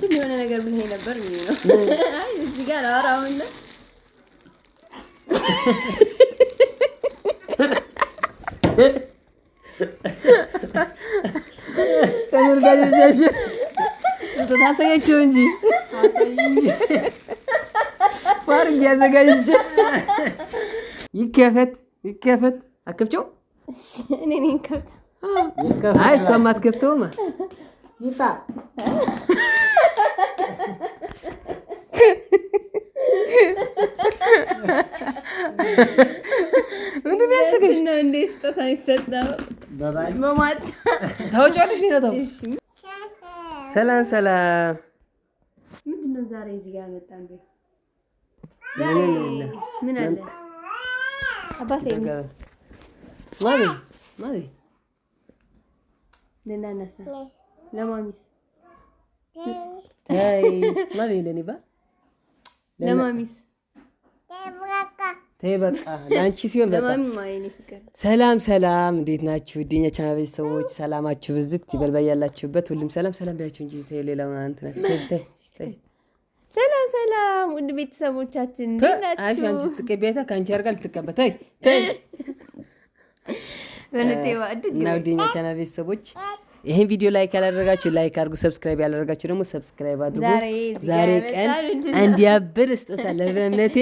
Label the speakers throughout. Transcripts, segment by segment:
Speaker 1: ግን የሆነ ነገር ምን ነበር የሚሆነው እዚህ ጋር አወራውና
Speaker 2: ተመልካቾቻችን ታሳያቸው እንጂ ፓርክ ያዘጋጅ ይከፈት ይከፈት አከፍቸው እኔ ነኝ ከፍታ አይ እሷም አትከፍተውማ Muta. ምንድን ነው ያስገኝ?
Speaker 1: እንደ ስጦታ ይሰጠው በማጫ
Speaker 2: ታውጫለሽ ነው ተው። ሰላም ሰላም።
Speaker 1: ምንድን ነው ዛሬ እዚህ ጋር መጣን? ምን አለ አባቴ ለማሚስ ለኔ ባ ለማሚስ
Speaker 2: ተይ በቃ ለአንቺ ሲሆን በቃ ሰላም ሰላም፣ እንዴት ናችሁ? እድኛ ቻናል ቤተሰቦች ሰላማችሁ ብዝት ይበል በያላችሁበት። ሁሉም ሰላም ሰላም ቢያችሁ እንጂ ተይ ሌላውን አንተ ነህ።
Speaker 1: ሰላም ሰላም ውድ ቤተሰቦቻችን እንዴት ናችሁ? አንቺ
Speaker 2: አንቺ ስትቀቢያታ ከአንቺ አድርጋ ልትቀበል ተይ ተይ። እና ውድ እኛ ቻናል ቤተሰቦች ይህን ቪዲዮ ላይክ ያላደረጋችሁ ላይክ አድርጉ፣ ሰብስክራይብ ያላደረጋችሁ ደግሞ ሰብስክራይብ አድርጉ።
Speaker 1: ዛሬ ቀን
Speaker 2: እንዲያብር ስጦታ ለእምነቴ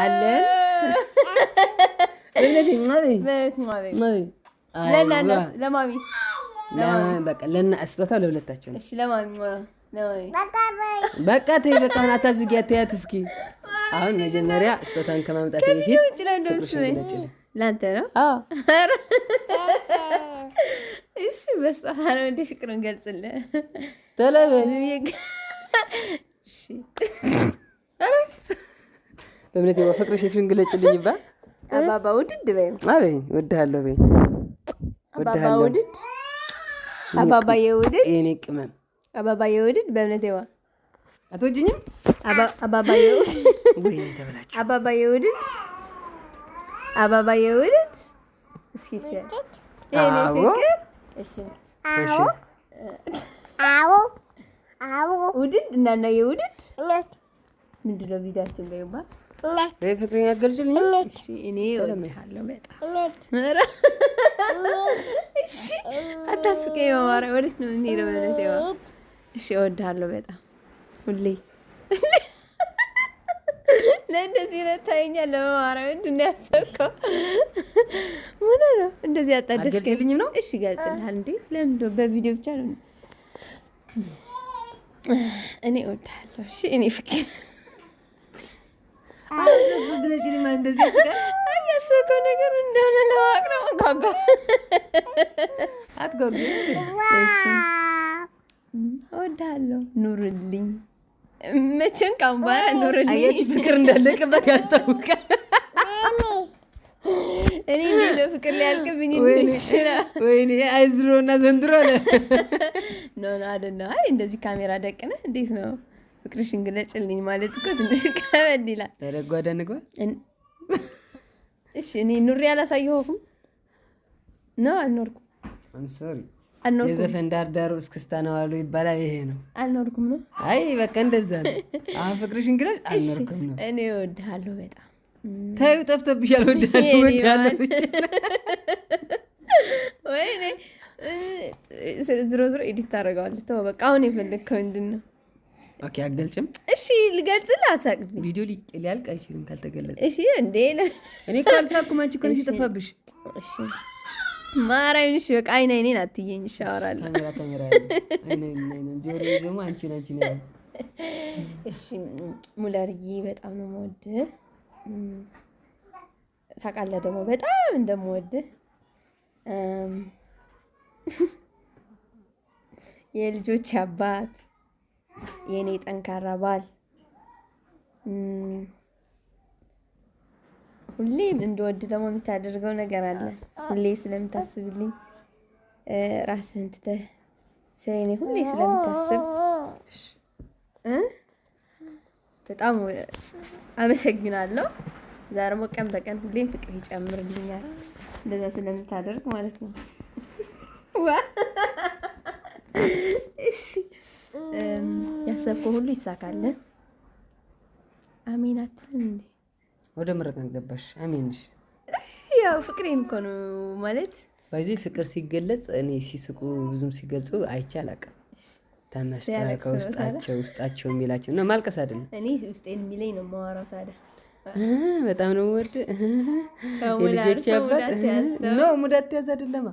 Speaker 2: አለን ስጦታ ለሁለታቸው
Speaker 1: ነው።
Speaker 2: በቃ ተይ፣ በቃ አሁን አታዝጊያት፣ ተያት እስኪ። አሁን መጀመሪያ ስጦታን ከማምጣት በፊት
Speaker 1: ለአንተ ነው እሺ፣ በስጦታ ነው እንደ ፍቅር እንገልጽልህ።
Speaker 2: ተለበል እሺ። በእምነት ይባ ፍቅር ሽፍሽን ግለጭልኝ ይባል
Speaker 1: አባባ ውድድ በይ
Speaker 2: አበይ ወድሃለሁ በይ
Speaker 1: አባባ ውድድ አባባ የውድድ የኔ ቅመም አባባ የውድድ በእምነት ይባ አትወጂኝም አባባ የውድድ አባባ የውድድ አባባ የውድድ እስኪ ፍቅር እሺ
Speaker 2: እሺ
Speaker 3: አዎ
Speaker 1: አዎ ውድድ እናናዬ ውድድ እናት ምንድን ነው ቪዲያችን በይባ
Speaker 2: ፍቅረኛ ገልጭልኝ
Speaker 1: እኔ እወድሃለሁ
Speaker 3: በጣም
Speaker 1: አታስቀኝ ማማራ ወዴት ነው የምንሄደው እወድሃለሁ በጣም ሁሌ ለእንደዚህ ነው ታየኛል። ለመማራዊ እንድናያሰብከው ምን ነው እንደዚህ ያጣደፍልኝም ነው። እሺ ገልጽልሃል እንዴ? ለምን በቪዲዮ ብቻ ነው? እኔ እወድሃለሁ። እሺ እኔ ፍቅር ያሰብከው ነገር እንደሆነ ለማወቅ ነው። ጓጓ
Speaker 2: አትጓጉ። እሺ
Speaker 1: እወድሃለሁ። ኑርልኝ መቼም ካሁን በኋላ ኖረል
Speaker 2: ፍቅር እንዳለቅበት ያስታውቃል።
Speaker 1: እኔ እንደ ፍቅር ሊያልቅብኝ
Speaker 2: ወይኔ አይዝሮ እና ዘንድሮ አለ
Speaker 1: ኖ ኖ አደና። አይ እንደዚህ ካሜራ ደቅነ እንዴት ነው ፍቅርሽን ግለጭልኝ ማለት እኮ ትንሽ ከበድ ይላል።
Speaker 2: ተረጓዳ ንግባ
Speaker 1: እሺ። እኔ ኑሬ አላሳየሁም ነው አልኖርኩም።
Speaker 2: አም ሶሪ የዘፈን ዳር ዳሩ እስክስታ ነው አሉ ይባላል። ይሄ ነው አልኖርኩም ነው። አይ በቃ እንደዛ ነው። አሁን ፍቅርሽን ግለጽ። አልኖርኩም ነው።
Speaker 1: እኔ እወድሃለሁ በጣም
Speaker 2: ታዩ ጠፍተብሻል። እወድሃለሁ እወድሃለሁ ብቻ
Speaker 1: ወይኔ ዝሮ ዝሮ ኤዲት ታደርገዋለህ። ተው በቃ። አሁን የፈለግከው ምንድን ነው?
Speaker 2: ኦኬ አገልጭም።
Speaker 1: እሺ ልገልጽልህ። አታቅም
Speaker 2: ቪዲዮ ሊያልቅ አይችልም ካልተገለጸ። እሺ እንዴ እኔ ካልሳኩም አንቺ እኮ ነሽ የጠፋብሽ። እሺ
Speaker 1: ማርያምንሽ በቃ አይን አይኔን አትየኝ፣ ይሻወራለሁ። እሺ ሙለርዬ በጣም ነው የምወድህ። ታውቃለህ ደግሞ በጣም እንደምወድህ የልጆች አባት የእኔ ጠንካራ ባል ሁሌም እንደወድ ደግሞ የምታደርገው ነገር አለ። ሁሌ ስለምታስብልኝ ራስህን ትተህ ስለኔ ሁሌ ስለምታስብ በጣም አመሰግናለሁ። እዛ ደግሞ ቀን በቀን ሁሌም ፍቅር ይጨምርልኛል እንደዛ ስለምታደርግ ማለት ነው። ያሰብከው ሁሉ ይሳካልን። አሜን አትልም እንዴ?
Speaker 2: ወደ ምረቃን ገባሽ አሜንሽ።
Speaker 1: ያው ፍቅሬን እኮ ነው ማለት
Speaker 2: በዚህ ፍቅር ሲገለጽ እኔ ሲስቁ ብዙም ሲገልጹ አይቼ አላውቅም። ተመስታ ከውስጣቸው ውስጣቸው የሚላቸው እና ማልቀስ አይደለም
Speaker 1: እኔ ውስጤን የሚለኝ ነው የማወራው። ታዲያ
Speaker 2: በጣም ነው ወድ የልጆች ያባት ኖ ሙዳት ያዝ አይደለማ።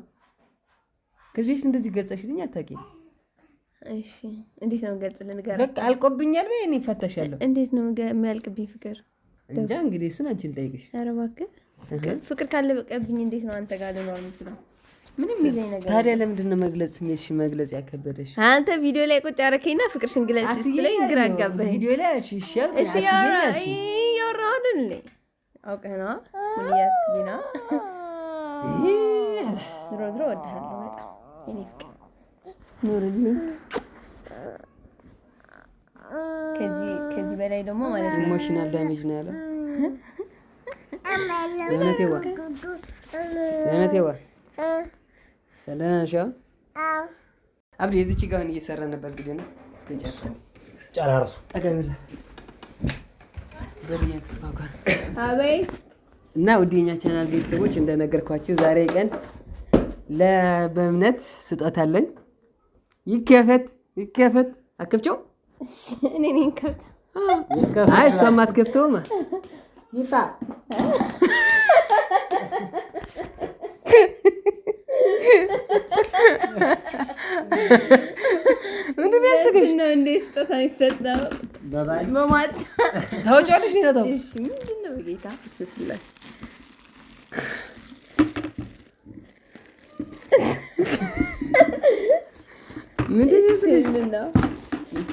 Speaker 2: ከዚህ በፊት እንደዚህ ገልጸሽልኝ አታውቂም።
Speaker 1: እሺ እንዴት ነው ገልጽ ልንገራቸው።
Speaker 2: በቃ አልቆብኛል በይ እኔ እፈታሻለሁ።
Speaker 1: እንዴት ነው የሚያልቅብኝ ፍቅር
Speaker 2: እንጃ እንግዲህ እሱን አንቺን ልጠይቅሽ።
Speaker 1: ኧረ እባክህ ፍቅር በቀብኝ እንዴት ነው አንተ ጋር ልኖር የምችለው?
Speaker 2: ምንም ይዘኝ ነገር ታዲያ ለምንድን ነው መግለጽ ስሜትሽ መግለጽ ያከበደሽ?
Speaker 1: አንተ ቪዲዮ ላይ ቁጭ አረከኝና ፍቅርሽን ግለጽ
Speaker 2: ስትለኝ ግራ አጋባኝ። ቪዲዮ ላይ እሺ ይሻል
Speaker 1: እሺ ያወራሁ አይደል? አውቀህ ነዋ ምን እያስክብኝ ነዋ። ድሮ ድሮ እወድሃለሁ በጣም የእኔ ፍቅር ኑርልኝ ከዚህ በላይ ደግሞ ማለት ነው
Speaker 2: ኢሞሽናል ዳሜጅ ነው ያለው። እውነቴዋ እውነቴዋ ሰለና ሻ አብዲ የዚች ጋውን እየሰራ ነበር ግዴ ነው ጨራርሱ ጠቀምላ በልያ ከተባጓር አበይ እና ውድ የኛ ቻናል ቤተሰቦች እንደነገርኳችሁ ዛሬ ቀን ለበእምነት ስጦታ አለኝ። ይከፈት ይከፈት አክብቸው አይ እሷም አትገብተውም።
Speaker 1: ምንድን ነው ያስገሽ? እንደ ስጦታ ይሰጣል።
Speaker 2: ታወጪዋለሽ ነው ተው።
Speaker 1: ምንድን ነው በጌታ ስመስላል
Speaker 2: ምንድን ነው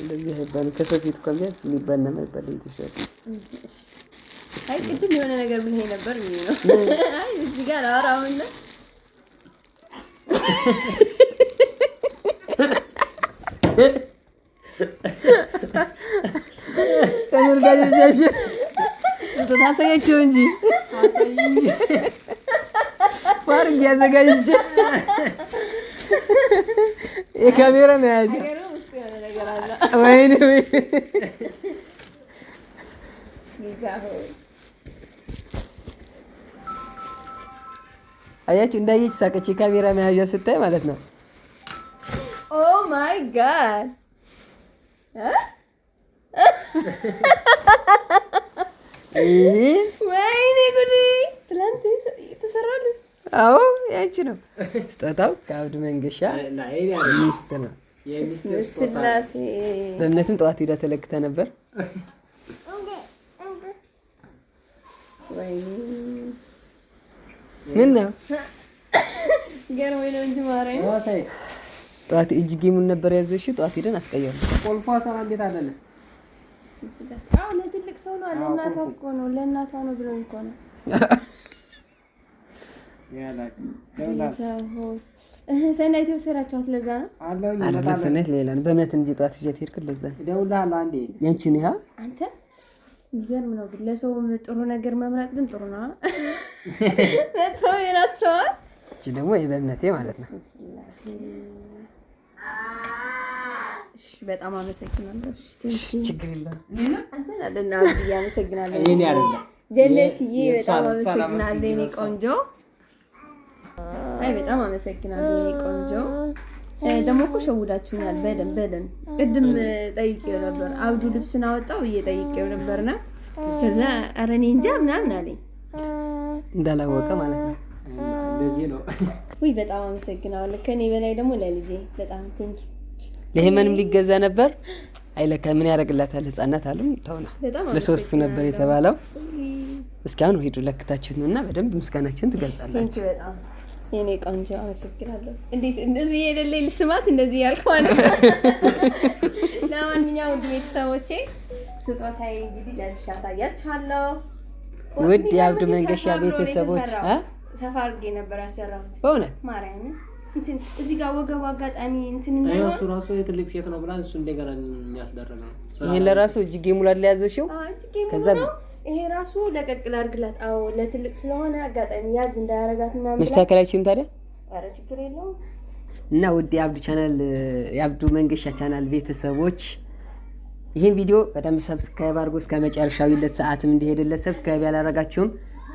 Speaker 2: እንደዚህ አይባልም። ከሰው ፊት እኮ ቢያንስ
Speaker 1: አይ ቅድም የሆነ ነገር ምን ነበር ነው? አይ እዚህ ጋር አወራውና
Speaker 2: ተመልካቾቻችን ታሳያቸው እንጂ ፓርክ ያዘጋጅ የካሜራ መያዣ ወይኔ አያችሁ እንዳየች ሳቀች። የካሜራ መያዣ ስታይ ማለት ነው።
Speaker 1: ኦ ማይ ጋድ ወይኔ ጉዴ! ትናንት የተሰራልሽ?
Speaker 2: አዎ ያንቺ ነው ስጦታው። ከአብድ መንገሻ ሚስት ነው። በእምነትም ጠዋት ሄዳ ተለክተ ነበር። ምን ነው ጠዋት እጅ ጌሙን ነበር ያዘሽ። ጠዋት ሄደን አስቀየሩ።
Speaker 4: ቆልፏ ሰማ እንዴት
Speaker 1: ለትልቅ ሰው ነው ለእናቷ እኮ ነው ለእናቷ ነው እኮ ነው ሰናይት የወሰዳችኋት ለዛ ነው።
Speaker 2: አይደለም ሰናይት ሌላ ነው። በእውነት እንጂ ጠዋት ብዣት ሄድክ። ለዛ ያንቺን ይኸው
Speaker 1: አንተ የሚገርም ነው። ግን ለሰው ጥሩ ነገር መምረጥ ግን ጥሩ ነው። ሰው የራስዋል
Speaker 2: እቺ ደግሞ በእምነቴ ማለት ነው።
Speaker 1: በጣም አመሰግናለሁ። ችግር የለም። አንተን አይደል አመሰግናለሁ። ጀነትዬ በጣም አመሰግናለሁ የእኔ ቆንጆ አይ በጣም አመሰግናለሁ የእኔ ቆንጆ። ደግሞ እኮ ሸውዳችሁኛል በደን በደን ቅድም ጠይቄው ነበር አብዱ ልብሱን አወጣው ብዬ ጠይቄው ነበርና ከዛ ኧረ እኔ እንጃ ምናምን አለኝ
Speaker 2: እንዳላወቀ ማለት ነው። እንደዚህ ነው
Speaker 1: ወይ? በጣም አመሰግናለሁ። ከኔ በላይ ደግሞ ለልጄ በጣም ቴንኪ።
Speaker 2: ለህመንም ሊገዛ ነበር አይለካ ምን ያደርግላታል ህጻናት አሉ ተውና ለሶስቱ ነበር የተባለው። እስካሁን ሄዱ ለክታችሁት ነው እና በደንብ ምስጋናችን ትገልጻላችሁ።
Speaker 1: የኔ ቆንጆ አመሰግናለሁ። እንዴት እንደዚህ የሌለኝ ልስማት እንደዚህ ያልክ ማለት ነው። ለማንኛውም ውድ ቤተሰቦቼ ስጦታዬ እንግዲህ ለብሼ አሳያችኋለሁ።
Speaker 2: ውድ የአብዱ መንገሻ ቤተሰቦች
Speaker 1: ሰፋ አድርጌ ነበር ያሰራሁት በእውነት ማርያምን እዚህ ጋር ወገቡ አጋጣሚ እንትን
Speaker 4: እሱ ራሱ የትልቅ ሴት ነው ብላ እሱ እንደገና የሚያስደረግ ነው።
Speaker 2: ይህን ለራሱ እጅጌ ሙላ ሊያዘሽው
Speaker 1: ከዛ ይሄ ራሱ ለቀቅ ላድርግላት። አዎ ለትልቅ ስለሆነ አጋጣሚ ያዝ እንዳያረጋት ና
Speaker 2: መስተካከል አይችልም። ታዲያ
Speaker 1: ኧረ ችግር የለውም።
Speaker 2: እና ውድ የአብዱ ቻናል የአብዱ መንገሻ ቻናል ቤተሰቦች ይህን ቪዲዮ በደንብ ሰብስክራይብ አድርጎ እስከ መጨረሻው ይለት ሰዓትም እንዲሄድለት ሰብስክራይብ ያላረጋችሁም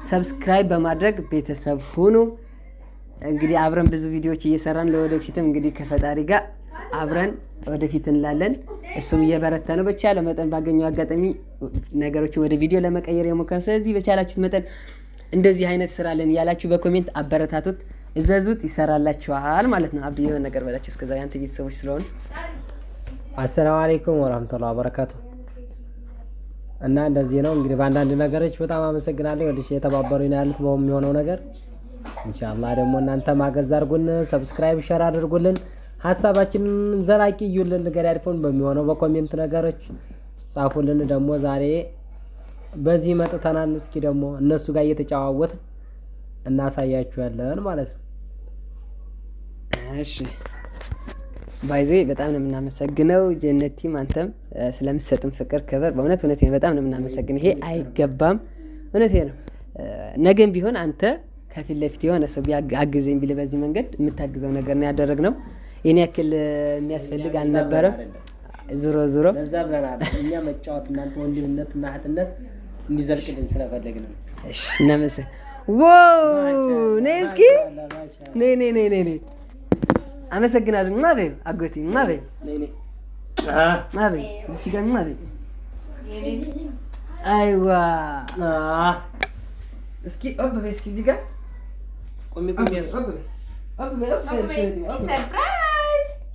Speaker 2: ሰብስክራይብ በማድረግ ቤተሰብ ሁኑ። እንግዲህ አብረን ብዙ ቪዲዮዎች እየሰራን ለወደፊትም እንግዲህ ከፈጣሪ ጋር አብረን ወደፊት እንላለን። እሱም እየበረተ ነው። በቻለ መጠን ባገኘው አጋጣሚ ነገሮችን ወደ ቪዲዮ ለመቀየር የሞከረ ስለዚህ በቻላችሁት መጠን እንደዚህ አይነት ስራ ለን ያላችሁ በኮሜንት አበረታቱት፣ እዘዙት፣ ይሰራላችኋል ማለት ነው። አብዲ የሆነ ነገር በላቸው። እስከዛ ያንተ ቤተሰቦች ስለሆኑ አሰላሙ አለይኩም ወራህመቱላሂ ወበረካቱ እና እንደዚህ ነው እንግዲህ በአንዳንድ ነገሮች በጣም አመሰግናለሁ። ወደሽ የተባበሩ ነው ያሉት የሆነው ነገር ኢንሻአላህ ደግሞ እናንተ ማገዝ አድርጉን፣ ሰብስክራይብ ሸር አድርጉልን። ሀሳባችንን ዘላቂ እዩልን ነገር ያድፈውን በሚሆነው በኮሜንት ነገሮች ጻፉልን። ደግሞ ዛሬ በዚህ መጥተናል። እስኪ ደግሞ እነሱ ጋር እየተጫዋወት እናሳያችኋለን ማለት ነው። እሺ ባይዜ በጣም ነው የምናመሰግነው ጀነቲም፣ አንተም ስለምትሰጥም ፍቅር፣ ክብር በእውነት እውነት በጣም ነው የምናመሰግን። ይሄ አይገባም፣ እውነት ነው። ነገም ቢሆን አንተ ከፊት ለፊት የሆነ ሰው አግዘኝ ቢል በዚህ መንገድ የምታግዘው ነገር ነው ያደረግነው። ይህን ያክል የሚያስፈልግ አልነበረም። ዞሮ ዞሮ
Speaker 4: በዛ ብለናል እኛ መጫወት እናንተ ወንድምነት እና እህትነት እንዲዘልቅልን ስለፈለግን ነው።
Speaker 2: እሺ እናመሰ ዎ ነይ እስኪ ነይ ነይ ነይ ነይ አመሰግናለሁ። ማ በይ አጎቴ ማ በይ ማ በይ እዚህ ጋር ማ በይ አይዋ እስኪ ኦብ በይ እስኪ እዚህ ጋር
Speaker 4: ቆሚ ቆሚ ኦብ በይ
Speaker 2: ኦብ በይ
Speaker 1: ኦብ በይ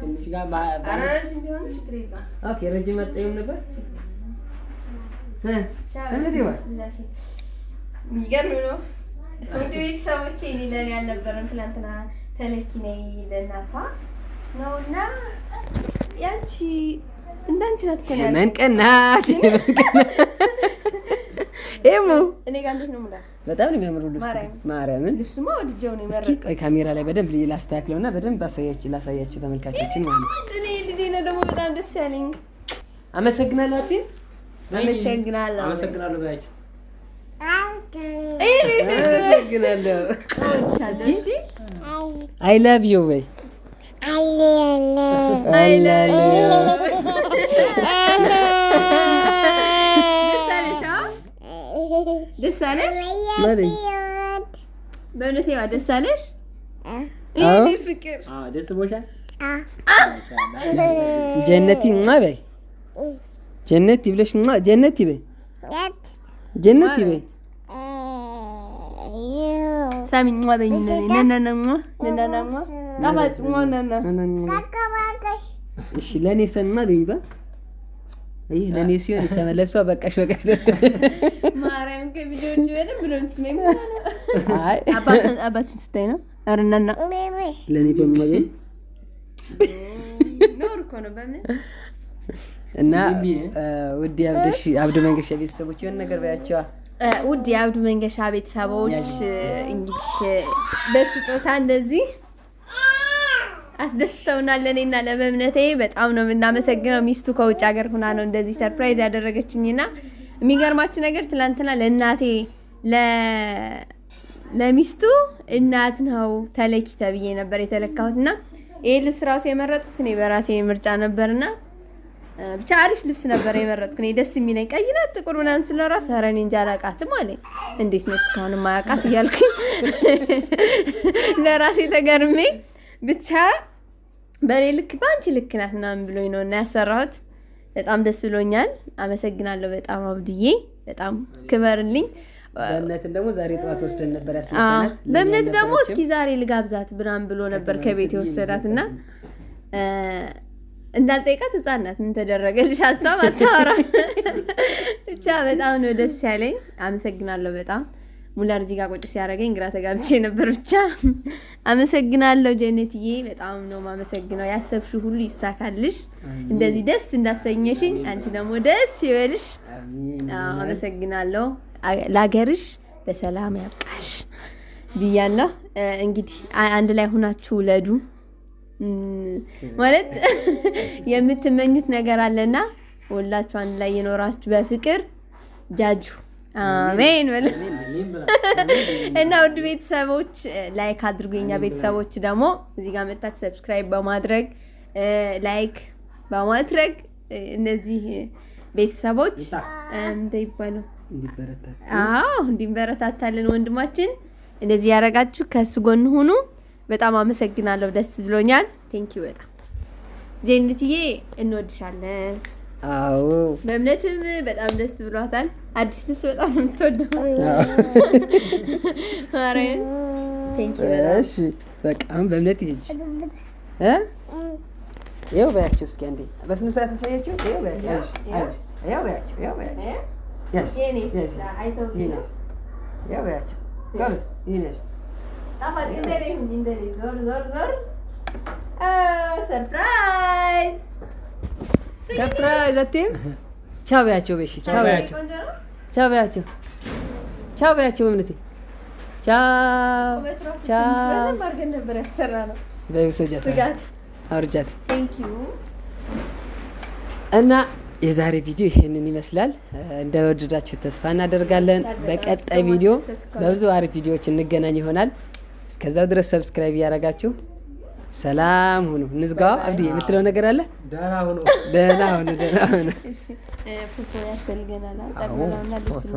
Speaker 4: ትንሽ ጋር
Speaker 2: ኦኬ ረጅም መጠየም ነበር።
Speaker 1: የሚገርም ነው። ውድ ቤተሰቦቼ ሌለን ያልነበረም ትናንትና ተለኪ ነይ ለእናቷ ነው እና ያንቺ እንዳንቺ
Speaker 2: ናት እኮ ኤሙ በጣም ነው የሚያምሩ ልብስ ማርያምን። እስኪ ቆይ ካሜራ ላይ በደንብ ላስተካክለውና በደንብ ላሳያችሁ ላሳያችሁ ተመልካቾችን
Speaker 1: ማለት ነው። ደግሞ በጣም ደስ ያለኝ
Speaker 2: አመሰግናለሁ።
Speaker 1: አመሰግናለሁ።
Speaker 4: አመሰግናለሁ ባያችሁ
Speaker 2: አይ ላቭ ዩ አይ ላቭ ዩ Deseler? Nein.
Speaker 1: Böyle şey var. Deseler? İyi bir fikir.
Speaker 4: Aa, desi boşa.
Speaker 2: Cennetin ne be? Cennet gibi şunla cennet gibi. Evet. Cennet gibi.
Speaker 1: Sami mwa be nene nene nene mwa nene nene mwa. Kapat mwa nene. Kaka
Speaker 2: bakaş. İşilen insan ne be? ይህ ለእኔ ሲሆን የሰመለሷ በቃሽ በቃሽ
Speaker 1: ማርያም ከቪዲዮች በደንብ ነው የምትስመኝ። አባትን ስታይ ነው አርናና
Speaker 2: ለእኔ በሚያገኝ
Speaker 1: ኖር እኮ ነው በምን
Speaker 2: እና ውድ አብዱ መንገሻ ቤተሰቦች የሆነ ነገር በያቸዋ።
Speaker 1: ውድ የአብዱ መንገሻ ቤተሰቦች እንግዲህ በስጦታ እንደዚህ አስደስተውናል። ለእኔና ለመምነቴ በጣም ነው የምናመሰግነው። ሚስቱ ከውጭ ሀገር ሁና ነው እንደዚህ ሰርፕራይዝ ያደረገችኝና የሚገርማችሁ ነገር ትላንትና ለእናቴ ለሚስቱ እናት ነው ተለኪ ተብዬ ነበር የተለካሁትና ይሄ ልብስ ራሱ የመረጥኩት እኔ በራሴ ምርጫ ነበርና ብቻ አሪፍ ልብስ ነበር የመረጥኩት። እኔ ደስ የሚለኝ ቀይ ናት ጥቁር ምናምን ስለ ራሱ ኧረ እኔ እንጃ አላውቃትም አለኝ። እንዴት ነው እስካሁን የማያውቃት እያልኩኝ ለራሴ ተገርሜ ብቻ በእኔ ልክ በአንቺ ልክ ናት ምናምን ብሎኝ ነው እና ያሰራሁት። በጣም ደስ ብሎኛል። አመሰግናለሁ በጣም አብዱዬ፣ በጣም ክበርልኝ።
Speaker 2: በእምነትን ደግሞ ዛሬ ጠዋት ወስደን ነበር
Speaker 1: ያስለናት። በእምነት ደግሞ እስኪ ዛሬ ልጋብዛት ብናም ብሎ ነበር ከቤት የወሰዳት እና እንዳልጠይቃት ህፃን ናት። ምን ተደረገልሽ? ሀሳብ አታወራ ብቻ በጣም ነው ደስ ያለኝ። አመሰግናለሁ በጣም ሙላር እዚህ ጋር ቁጭ ሲያደርገኝ ግራ ተጋብቼ ነበር። ብቻ አመሰግናለሁ ጀነትዬ፣ በጣም ነው ማመሰግነው። ያሰብሽው ሁሉ ይሳካልሽ፣ እንደዚህ ደስ እንዳሰኘሽኝ አንቺ ደግሞ ደስ ይበልሽ። አመሰግናለሁ። ለሀገርሽ በሰላም ያብቃሽ ብያለሁ። እንግዲህ አንድ ላይ ሁናችሁ ውለዱ። ማለት የምትመኙት ነገር አለና ወላችሁ አንድ ላይ የኖራችሁ በፍቅር ጃጁ አሜን። እና ውድ ቤተሰቦች ላይክ አድርጉ። የኛ ቤተሰቦች ደግሞ እዚህ ጋር መታች ሰብስክራይብ በማድረግ ላይክ በማድረግ እነዚህ ቤተሰቦች እንደ ይባለው እንዲበረታታልን ወንድማችን እንደዚህ ያደረጋችሁ ከሱ ጎን ሁኑ። በጣም አመሰግናለሁ። ደስ ብሎኛል። ቴንኪዩ በጣም ጀንትዬ፣ እንወድሻለን። አዎ በእምነትም በጣም ደስ ብሏታል። አዲስ ልብስ በጣም ነው የምትወደው።
Speaker 2: እሺ በቃ አሁን በእምነት ይሄጅ ይኸው በያቸው እስኪ አንዴ በስንት ሰዓት ያሳያቸው።
Speaker 1: ሰርፕራይዝ
Speaker 2: ሰርፕራይዝ አትይም? ቻው በያቸው። በሽ ቻው በያቸው። ቻው በያቸው። ቻው በያቸው። እምነቴ ቻው ቻው። እና የዛሬ ቪዲዮ ይሄንን ይመስላል። እንደወደዳችሁ ተስፋ እናደርጋለን። በቀጣይ ቪዲዮ በብዙ አሪፍ ቪዲዮዎች እንገናኝ ይሆናል። እስከዛው ድረስ ሰብስክራይብ እያደረጋችሁ ሰላም ሁኑ። ንዝጋዋ አብዲ የምትለው ነገር አለ? ደህና ሁኑ፣ ደህና ሁኑ፣ ደህና ሁኑ። ፎቶ ያስፈልገናል።